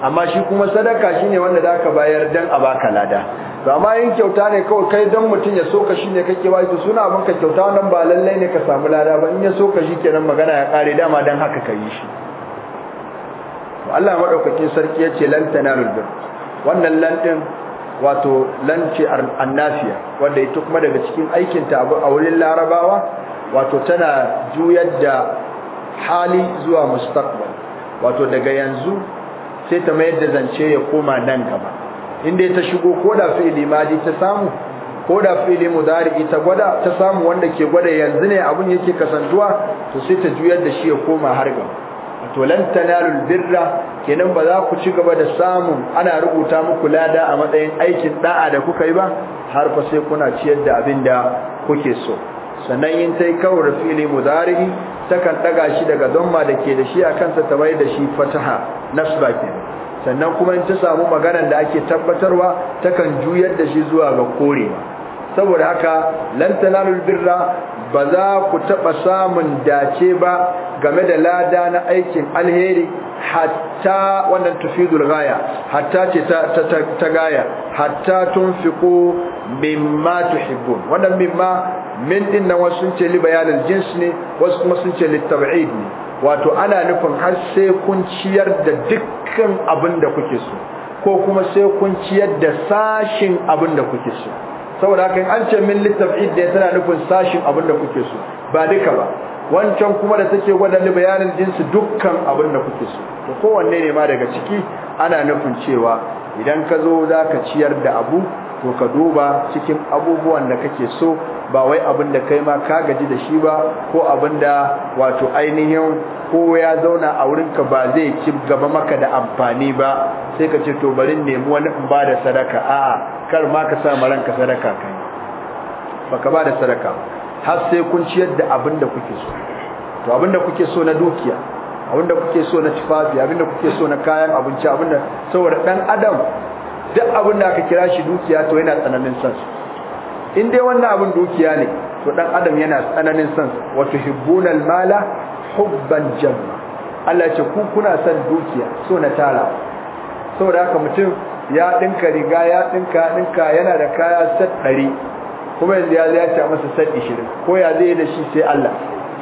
amma shi kuma sadaka shi ne wanda ka bayar don a baka lada to amma yin kyauta ne kawai kai dan mutum ya ka shi ne kake ba to suna abin ka kyauta nan ba lallai ne ka samu lada ba in ya so shi kenan magana ya kare dama dan haka ka shi to Allah madaukakin sarki yace lan tanalul bir wannan lan din wato lan ce annafiya wanda ita kuma daga cikin aikin ta abu a wurin larabawa wato tana juyar da hali zuwa mustaqbal wato daga yanzu sai ta mayar da zance ya koma nan gaba inda ta shigo koda fi'ili madi ta samu koda fi'ili mudari ta gwada ta samu wanda ke gwada yanzu ne abun yake kasantuwa to sai ta juyar da shi ya koma harga to lan tanalul birra kenan ba za ku ci gaba da samun ana rubuta muku lada a matsayin aikin da'a da kuka yi ba har fa sai kuna ciyar da abin da kuke so sannan yin tai kawar fili mudari takan daga shi daga zamma da ke da shi a kansa ta mai da shi fataha nasba kenan sannan kuma in ta samu maganar da ake tabbatarwa takan juyar da shi zuwa ga korewa saboda haka lan birra ba za ku taɓa samun dace ba game da lada na aikin alheri hatta wannan tufidul gaya hatta ce ta gaya hatta mimma tuhibbun wannan mimma min din wasu sun ce li bayanil jins ne wasu kuma sun ce li ne wato ana nufin har sai kun ciyar da dukkan abin da kuke so ko kuma sai kun ciyar da sashin abin da kuke so saboda haka an ce min littafid da tana nufin sashin abin da kuke so ba duka ba wancan kuma da take gwada ni bayanin jinsi dukkan abin da kuke so to kowanne ne ma daga ciki ana nufin cewa idan ka zo zaka ciyar da abu to ka duba cikin abubuwan da kake so ba wai abin da kai ma ka gaji da shi ba ko abin da wato ainihin ko ya zauna a wurin ka ba zai ci gaba maka da amfani ba sai ka ce to bari nemi wani in ba da sadaka a'a kar ma ka sa ranka sadaka kai baka ba da sadaka har sai kun ciyar da abin da kuke so to abin da kuke so na dukiya abin da kuke so na tufafi abin da kuke so na kayan abinci abin da saboda dan adam duk abin da aka kira shi dukiya to yana tsananin sansu. in dai wannan abin dukiya ne to dan adam yana tsananin sansu. su wa tuhibbuna mala hubban jamma Allah ce ku kuna son dukiya so na tara saboda haka mutum ya dinka riga ya dinka dinka yana da kaya set 100 kuma yanzu ya zai ta masa set 20 ko ya zai da shi sai Allah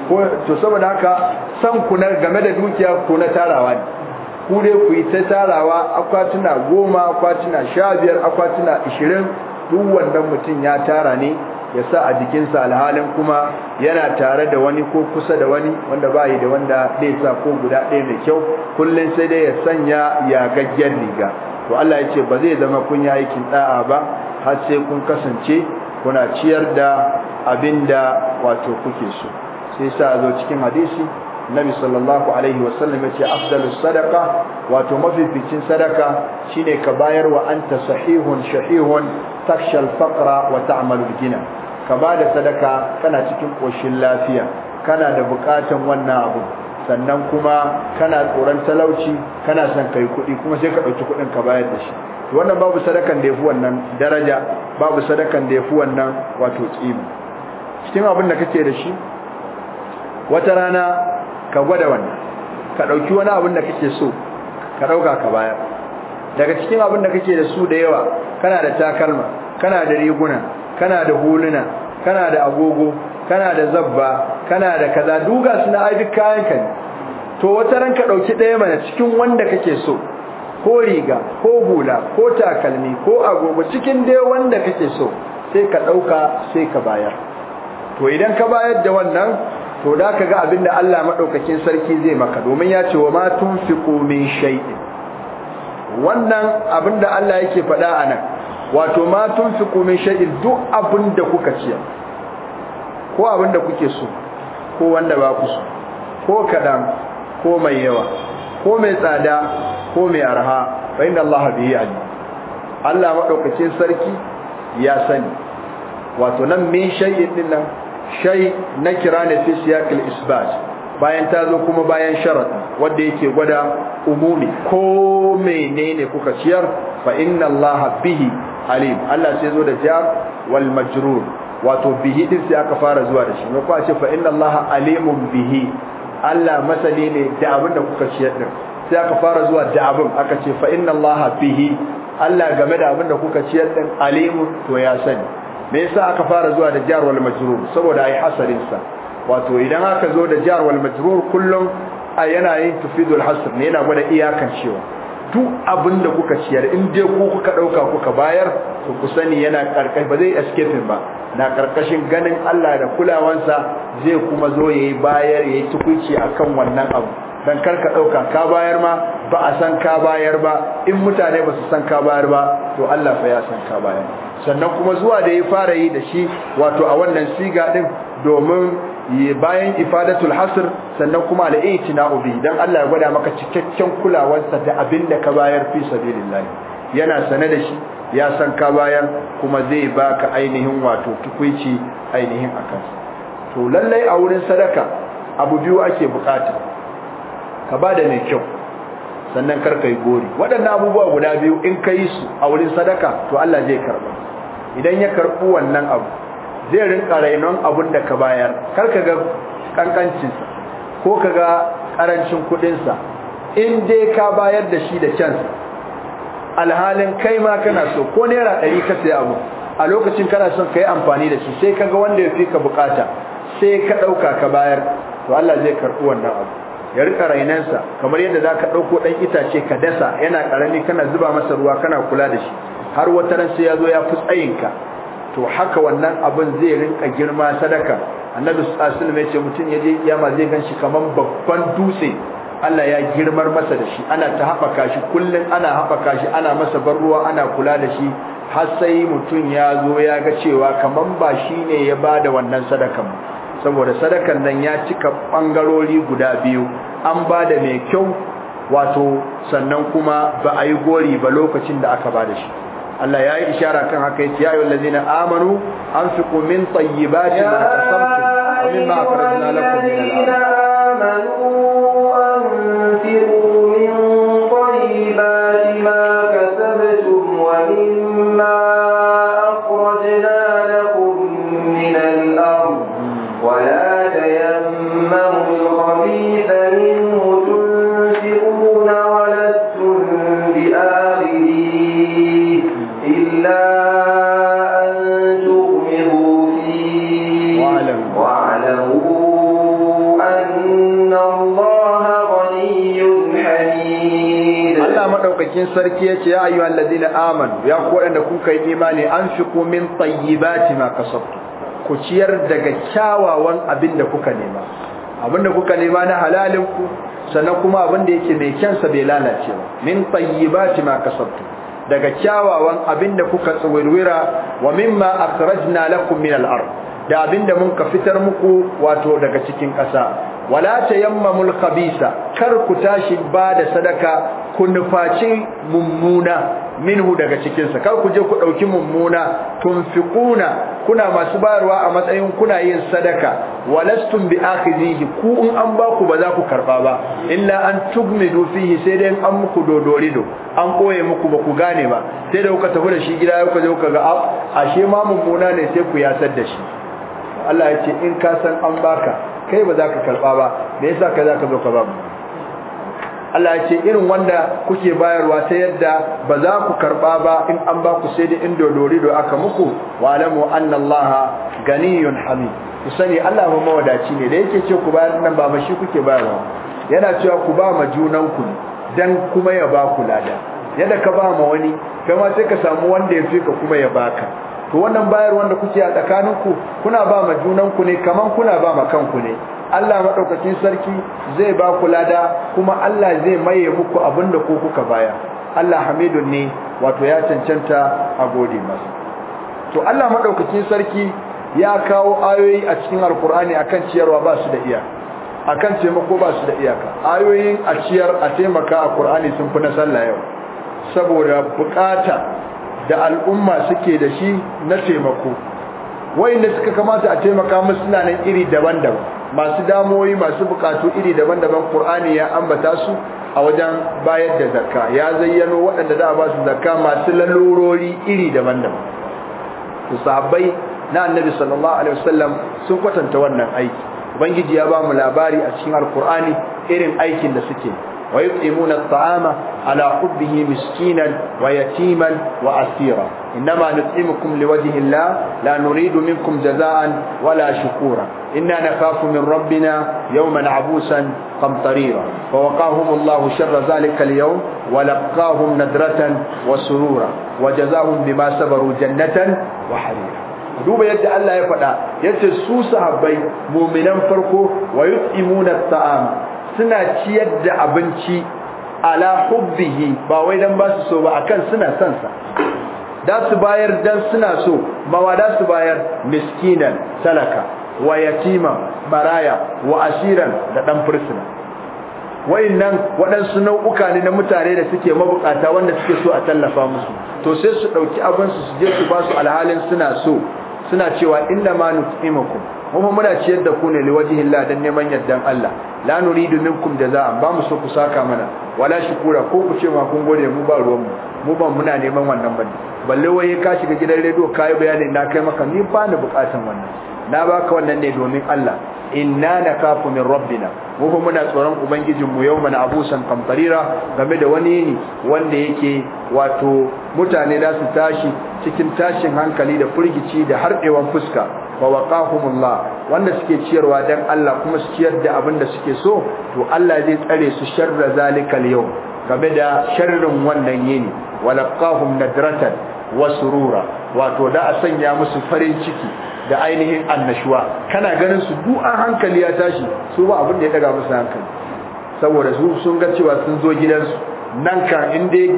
ko to saboda haka san ku na game da dukiya ko na tarawa ne ku dai ku yi ta tarawa akwatuna goma akwatuna sha biyar akwatuna ishirin duk wannan mutum ya tara ne ya sa a jikinsa alhalin kuma yana tare da wani ko kusa da wani wanda ba yi da wanda zai sa ko guda ɗaya mai kyau kullum sai dai ya sanya ya gaggen riga to Allah ya ce ba zai zama kun yi aikin da'a ba har sai kun kasance kuna ciyar da abin da wato kuke so sai sa zo cikin hadisi nabi sallallahu alaihi wasallam ya ce afdalus sadaqa wato mafificin sadaka shine ka bayar wa anta sahihun shahihun takshal faqra wa ta'malul gina ka bada sadaka kana cikin koshin lafiya kana da bukatun wannan abu sannan kuma kana tsoron talauci kana son kai kuɗi kuma sai ka ɗauki kuɗin ka bayar da shi wannan babu sadakan da yafi wannan daraja babu sadakan da yafi wannan wato tsimi cikin abin da kake da shi wata rana ka gwada wani ka dauki wani abin da kake so ka dauka ka bayar daga cikin abin da kake da su da yawa kana da takalma kana da riguna kana da huluna kana da agogo kana da zabba kana da kaza duga suna ai duk kayan ka ne to wata ranka dauki daya mana cikin wanda kake so ko riga ko hula ko takalmi ko agogo cikin dai wanda kake so sai ka dauka sai ka bayar to idan ka bayar da wannan to da ka ga abinda Allah madaukakin sarki zai maka domin ya ce wa ma tunfiqu min shay'in wannan abinda Allah yake faɗa anan wato ma tunfiqu min shay'in duk abinda kuka ciyar ko abinda kuke so ko wanda ba ku so ko kadan ko mai yawa ko mai tsada ko mai arha fa inna Allah bihi alim Allah madaukakin sarki ya sani wato nan min shay'in din nan Shai na kira ne fi siyaqil isbat bayan ta zo kuma bayan sharad wanda yake gwada umumi ko menene kuka ciyar fa inna Allah bihi alim Allah sai zo da jar wal majrur wato bihi din sai aka fara zuwa da shi ko a ce fa inna Allah alimun bihi Allah masani ne da abin da kuka ciyar din sai aka fara zuwa da abin aka ce fa inna Allah bihi Allah game da abin da kuka ciyar din alimun to ya sani me yasa aka fara zuwa da jar wal majrur saboda ai hasarin sa wato idan aka zo da jar wal majrur kullum a yanayin yin tufidul hasr ne yana gwada iyakan cewa duk abin da kuka ciyar in dai ku kuka dauka kuka bayar to ku sani yana karkashin ba zai escape ba na karkashin ganin Allah da kulawansa zai kuma zo yayi bayar yayi tukunci akan wannan abu dan karka ɗauka ka bayar ma ba a san ka bayar ba in mutane ba su san ka bayar ba to Allah fa ya san ka bayar sannan kuma zuwa da ya fara yi da shi wato a wannan siga ɗin domin bayan ifadatul hasr sannan kuma al i'tina'u ubi, dan Allah ya gwada maka cikakken kulawarsa da abin da ka bayar fi sabilillah yana sane da shi ya san ka bayar kuma zai baka ainihin wato tukuici ainihin akan to lallai a wurin sadaka abu biyu ake bukata ka ba da mai kyau sannan karka yi gori waɗannan abubuwa guda biyu in ka yi su a wurin sadaka to Allah zai karɓa. idan ya karɓi wannan abu zai rinka rainon abun da ka bayar kar ka ga ƙanƙancinsa ko ka ga ƙarancin kuɗinsa in dai ka bayar da shi da kyansa alhalin kai ma kana so ko naira ɗari ka sai abu a lokacin kana son ka yi amfani da shi sai ka ga wanda ya fi ka bukata sai ka ɗauka ka bayar to Allah zai karɓi wannan abu ya rika rainansa kamar yadda za ka ɗauko ɗan itace ka dasa yana karami kana zuba masa ruwa kana kula da shi har wata ran sai ya zo ya fi tsayinka to haka wannan abin zai rinka girma sadaka annabi sallallahu alaihi wasallam mutum je yama zai gan shi kaman babban dutse Allah ya girmar masa da shi ana ta haɓaka shi kullum ana haɓaka shi ana masa ban ruwa ana kula da shi har sai mutum ya zo ya ga cewa kaman ba shine ya ba da wannan sadakan saboda sadakan nan ya cika bangarori guda biyu an ba da mai kyau wato sannan kuma ba a yi gori ba lokacin da aka ba da shi Allah ya yi ishara kan haka ya ce, ya yi ayyuhal zina, amanu an fi kumin ma kasabtum wa mimma akhrajna lakum min al ubangiji yace ya ayyuhal ladina amanu ya ku wadanda kuka yi imani anfiqu min tayyibati ma kasabtum ku ciyar daga kyawawan abin da kuka nema abin da kuka nema na halalin ku sannan kuma abin da yake mai kyansa bai lalace ba min tayyibati ma kasabtum daga kyawawan abin da kuka tsawirwira wa mimma akhrajna lakum min al-ard da abin da mun ka fitar muku wato daga cikin ƙasa wala tayammamul khabisa kar ku tashi ba da sadaka ku numfaci mummuna minhu daga cikinsa kar ku je ku ɗauki mummuna tunfiquna kuna masu bayarwa a matsayin kuna yin sadaka walastum bi akhidhihi ku in an ba ku ba za ku karba ba illa an tugmidu fihi sai dai an muku dodorido an koye muku ba ku gane ba sai da kuka tafi da shi gida kuka je kuka ga ashe ma mummuna ne sai ku yasar da shi Allah ya ce in ka san an baka kai ba za ka karba ba me yasa kai za ka zo ka ba mu Allah ce irin wanda kuke bayarwa ta yadda ba za ku karba ba in an ba ku sai da indo dodori aka muku wa alamu anna Allah ganiyun hamid ku sani Allah ma mawadaci ne da yake ce ku bayar nan ba shi kuke bayarwa yana cewa ku ba ma junan ku dan kuma ya ba ku lada yadda ka ba ma wani kai ma sai ka samu wanda ya fi ka kuma ya baka to wannan bayar wanda kuke a tsakaninku kuna ba ma ku ne kaman kuna ba ma kanku ne Allah maɗaukacin sarki zai ba ku lada kuma Allah zai maye muku abinda ku kuka baya Allah Hamidun ne wato ya cancanta a gode masa to Allah maɗaukacin sarki ya kawo ayoyi a cikin alkur'ani akan ciyarwa ba su da iya akan taimako ba su da iyaka ayoyin a ciyar a taimaka a Qur'ani sun fi na sallah yau saboda bukata da al'umma suke da shi na taimako wayanda suka kamata a taimaka musu suna nan iri daban-daban masu damoyi masu bukatu iri daban-daban Qur'ani ya ambata su a wajen bayar da zakka ya zayyano waɗanda za a ba su zakka masu lalurori iri daban-daban to sahabbai na annabi sallallahu alaihi wasallam sun kwatanta wannan aiki ubangiji ya ba mu labari a cikin alqur'ani irin aikin da suke ويطعمون الطعام على حبه مسكينا ويتيما وأسيرا إنما نطعمكم لوجه الله لا نريد منكم جزاء ولا شكورا إنا نخاف من ربنا يوما عبوسا قمطريرا فوقاهم الله شر ذلك اليوم ولقاهم ندرة وسرورا وجزاهم بما صبروا جنة وحريرا دوبا يد الله يفدا يد سوسه su sahabbai فرقو farko الطعام suna ciyar da abinci ala hubbihi ba wai dan ba su so ba akan suna son sa da su bayar dan suna so ba wa da su bayar miskinan talaka wa yatima baraya wa asiran da dan fursuna wayannan waɗansu nau'uka ne na mutane da suke mabukata wanda suke so a tallafa musu to sai su ɗauki abin su je su ba su alhalin suna so suna cewa inna ma nutimukum kuma muna ciyar da ku ne Allah dan neman yardan Allah la nuridu minkum jazaa ba mu so ku saka mana wala shukura ko ku ce ma kun gode mu ba ruwan mu mu ba muna neman wannan bane balle waye ka shiga gidan radio kai bayani na kai maka ni ba ni bukatan wannan na baka wannan ne domin Allah inna nakafu min rabbina mu ba muna tsoron ubangijin mu yau mana abusan kamtarira game da wani ne wanda yake wato mutane da su tashi cikin tashin hankali da furgici da harɗewan fuska wa waqahumullah wanda suke ciyarwa dan Allah kuma su ciyar da abin da suke so to Allah zai tsare su sharra zalikal yau game da sharrin wannan yini walaqahum nadratan wa surura wato da a sanya musu farin ciki da ainihin annashuwa kana ganin su an hankali ya tashi su ba abin da ya daga musu hankali saboda su sun ga cewa sun zo gidansu nan kan in dai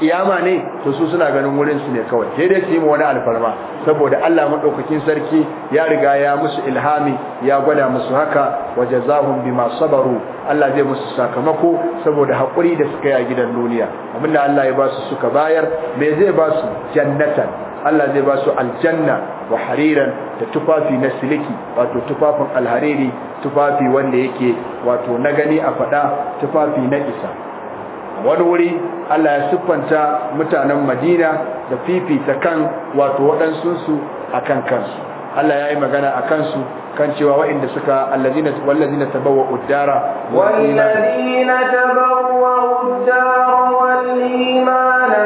kiyama ne to su suna ganin wurin su ne kawai sai dai su yi wani alfarma saboda Allah madaukakin sarki ya riga ya musu ilhami ya gwada musu haka jazahum bima sabaru Allah zai musu sakamako saboda hakuri da suka yi a gidan duniya abinda Allah ya ba su suka bayar me zai ba su jannatan Allah zai ba su aljanna wa hariran da tufafi na siliki wato tufafin alhariri tufafi wanda yake wato na gani a fada tufafi na isa wani wuri Allah ya siffanta mutanen Madina da fifita kan wato waɗansunsu a kan kansu Allah ya yi magana a kansu kan cewa waɗanda suka allazina wallazina tabawwa uddara wallazina tabawwa uddara wal imana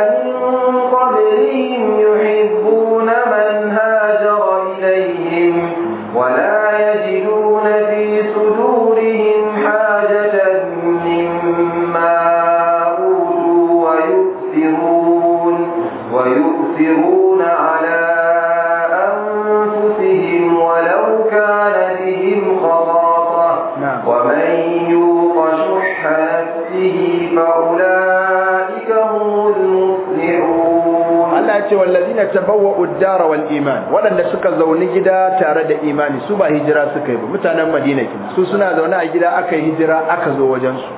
tabawwa'u ad-dar wal iman wadanda suka zauni gida tare da imani su ba hijira suka yi ba mutanen Madina kenan su suna zaune a gida aka hijira aka zo wajen su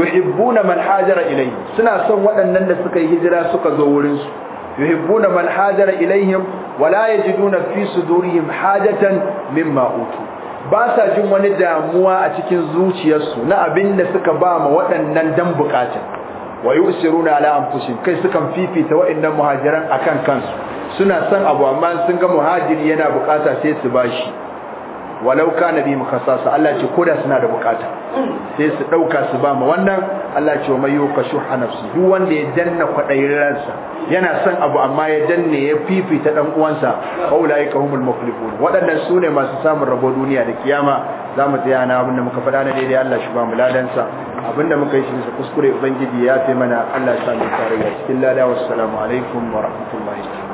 yuhibbuna man hajara ilayhi suna son waɗannan da suka yi hijira suka zo wurin su yuhibbuna man hajara ilayhim wala yajiduna fi sudurihim hajatan mimma utu ba sa jin wani damuwa a cikin zuciyarsu na abin da suka ba ma waɗannan dan bukatun wa na ala anfusihim kai sukan fifita wa'annan muhajiran akan kansu suna son abu amma sun ga muhajiri yana bukata sai su bashi walau kana bi su. Allah ce koda suna da bukata sai su dauka su ba ma wannan Allah ce wa mai yuka shuha nafsi duk wanda ya danna kwadayin ransa yana son abu amma ya danne ya fifita dan uwansa faulaika humul muflihun wadannan sune masu samun rabo duniya da kiyama zamu tsaya na abinda muka faɗa na daidai Allah shi ba mu ladansa abinda muka yi shi sa kuskure ubangiji ya fi mana Allah ya sa mu tarayya cikin lada wassalamu alaikum wa rahmatullahi